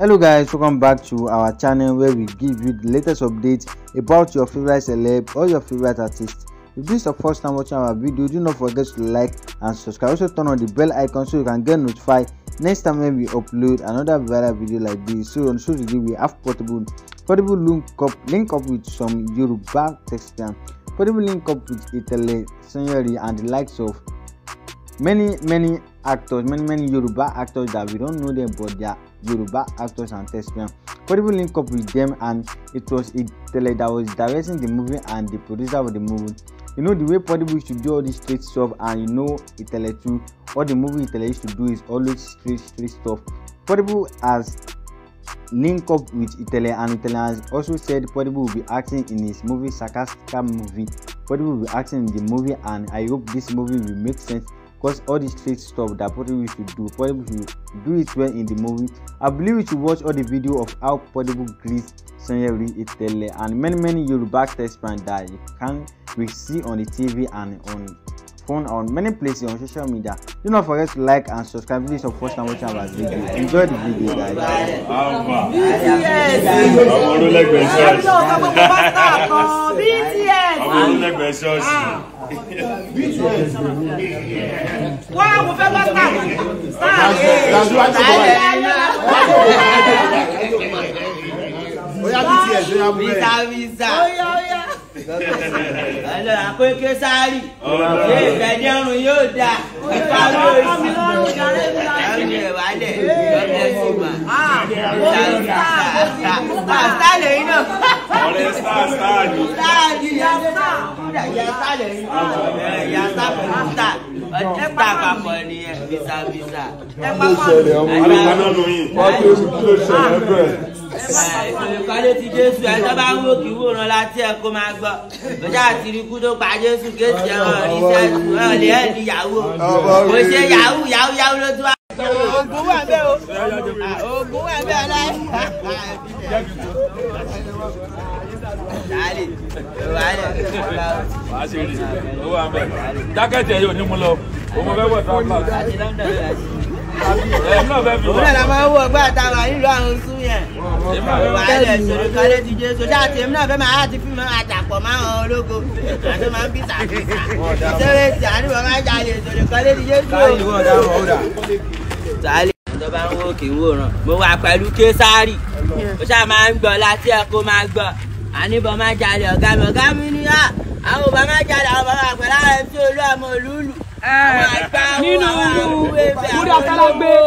hello guys welcome back to our channel where we give you the latest updates about your favorite celeb or your favorite artist if this is your first time watching our video do not forget to like and subscribe also turn on the bell icon so you can get notified next time when we upload another viral video like this so on social, today we have portable portable link up link up with some yoruba textiles portable link up with itele sanyeri and the likes of many many actors many many yoruba actors that we don't know them but they are Yoruba actors and thespians. Credible link up with them and it was Itele that was directing the movie and the producer of the movie. You know the way Portable used to do all this straight stuff and you know Itele too, all the movie Itele used to do is always straight straight stuff. Portable has linked up with Itele and Itele has also said Portable will be acting in his movie sarcastica Movie. Portable will be acting in the movie and I hope this movie will make sense because all this fake stuff that Portable should do, Portable should do it well in the movie. I believe you should watch all the video of how Portable greets Sanyeri Itele and many many Yoruba text brand that you can we see on the TV and on phone or on many places on social media. Do not forget to like and subscribe if this is your first time watching our video. Enjoy the video, guys. Wá mo fẹ́ bá sáà sáà ẹ̀ẹ́dẹ́gbẹ̀rún. Oya BTS, oya BTS. Oya ẹlọ àpéké sárì ṣé ìfẹ̀dẹ́rùn yóò da ipa ló sí ẹni ìwádẹ lọ́dẹ sí ma pàṣẹ lẹ́yìn náà. ọ̀rẹ́ star star ni. star ni yasa lẹ́yìn yasa pẹ̀lú star ọtí ta papọ̀ nìyẹn visa visa. ẹ pápá ló ṣẹlẹ̀ ọmọ alùpàdánù yìí wọ́n ti kí ló ṣẹlẹ̀ bẹ́ẹ̀ olùkọ́lé ti jésù ẹ tó bá ń wò kí wòran láti ẹ kó máa gbọ́ lọ́jà àti ikú tó pa jésù kéèsì ẹ̀rọ rí sẹ́ẹ̀tù náà lè yahoo kò ṣe yahoo yahoo yahoo ló tún wá. oògùn wà bẹ́ẹ̀ o oògùn wà bẹ́ẹ̀ láì. jákẹ́tì ẹ̀ yóò ní mú lọ òun fẹ́ wọ̀ tó òun náà máa ń wọ ọgbà àtàwọn ìlú àwọn sùn tẹ́lẹ̀ sọ̀rọ̀ kálẹ̀ ti jẹ́ sọ́jà àti èmi náà fẹ́ máa ti fi máa dàpọ̀ máa hàn ológo àti máa ń bí sàkísà ìṣẹ́rẹ́ ti àníwọ̀ máa jalè sọ̀rọ̀ kálẹ̀ ti jẹ́ sọ́ọ̀ tó bá ń wò kí n wòran mo wà pẹ̀lú késárì ó ṣáà máa ń gbọ́ láti ẹ̀kọ́ máa gbọ́ àníbọ̀ máa jalè ọ̀gá mi ọ̀gá mi ni àwọn ọba máa jalè àwọn bàbá àpẹẹrẹ àwọn ẹ̀fí olú ọmọ olúùlù àwọn àgbà àwọn àwọn àwọn ẹ̀fẹ̀ àwọn ọmọ àwọn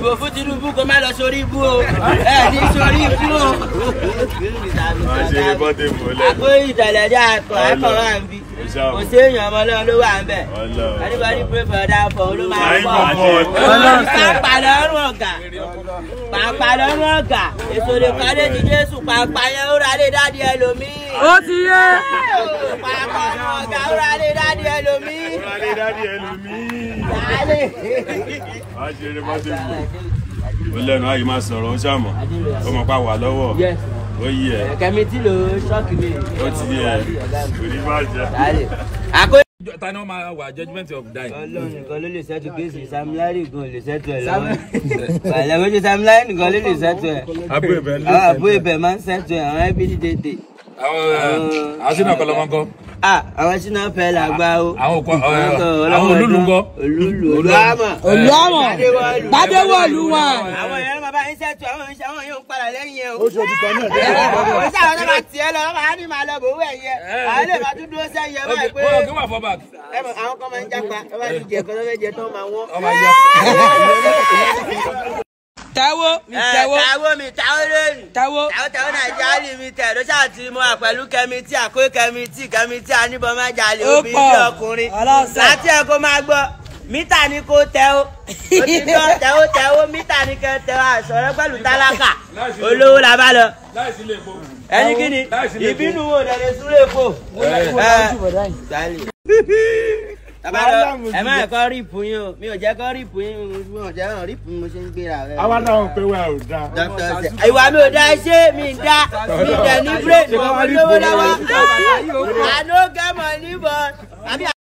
dìbò fún Tinubu kó má lọ sórí ibú o ẹ ní sórí ibú o. wọ́n ṣe é bọ́dé mọ́lẹ̀. àpò ìtẹ̀lẹ̀ dí àpò ẹ̀kọ́ wà ń bí kò sí èèyàn ọmọ náà ló wà ń bẹ̀. anybody pray for that for ló máa ń bọ̀. pàápàá lọ́rùn ọ̀gá pàápàá lọ́rùn ọ̀gá èso lè parí ti Jésù pàápàá yẹn ó ra lè dáadé ẹlòmíì. ó ti yé. pàápàá lọ́rùn ọ̀gá ó ra lè dáadé ẹlòmíì. ó ra lè dáadé ẹlòmíì. dáadé. a ṣe eré bá ó lẹ́nu ayé máa sọ̀rọ̀ ó ṣàmọ̀ ó mọ̀ pa wà lọ́wọ́ ó yí ẹ̀. kẹ́mi tí lo ṣọ́ọ̀kì mi. ó ti yí ẹ̀ kò ní bá jẹ́. ta ni wọn máa wà judgement of dying. Ọlọ́run nìkan ló lè ṣètò kéèsì Sam Larry gan lè ṣètò ẹ lọ́wọ́ àlẹmọjú Sam Larry nìkan ló lè ṣètò ẹ. abo ibẹ ló ṣètò ẹ. abo ibẹ máa ń ṣètò ẹ àwọn ẹbí ní dédé. àwọn àṣìnà eh, kọlọmọkọ. Ah, àwọn sínú pẹ làgbà o. àwọn eh, olúlu ńkọ́. olúlu olúwàmọ. olúwàmọ gbadewọlu wọn. àwọn yẹn máa bá iṣẹ́ tu àwọn iṣẹ́ àwọn yóò padà lẹ́yìn ẹ o. oṣù òbí kan náà. o ṣe eh, àwọn ọlọ́pàá tiẹ̀ lọ ọlọ́pàá á ní máa lọ bòówù ẹ̀yẹ. Eh, àwọn ilé ìbá dúdú ṣe ń yẹ báyìí pé. o kí wà fọ bàgì. ẹ mọ àwọn kan máa ń jápa ẹ bá ti jẹ kan tó fẹ́ jẹ tó máa wọ́n. táwó mi eh, táwó. táwó mi táwó lónìí. táwó. táwó táwó nàìjíríà lè mi tẹ̀ ló ṣáàtì mọ́ pẹ̀lú kẹ́mítì àkó kẹ́mítì kẹ́mítì aníbọ̀májàlè obìnrin ọkùnrin. láti ẹ̀ kó máa gbọ́ mítà ni kò tẹ ó òtítọ́ tẹ ó tẹ ó mítà ni kò tẹ ó àṣọrọ pẹ̀lú tálákà olówó la bá lọ. ẹni kí ni ìbínú wo lẹ́lẹ́sùn lè fò ẹ má kọ́ ríìpù yín o mi ò jẹ́ kọ́ ríìpù yín o mi ò jẹ́ kọ́ ríìpù yín mo ṣe ń gbéra rẹ. àwa náà pé wa ò da. ìwà mi ò da iṣẹ́ mi da mi dẹ̀ ní bírèkì mọ̀ mo lówó lọ́wọ́.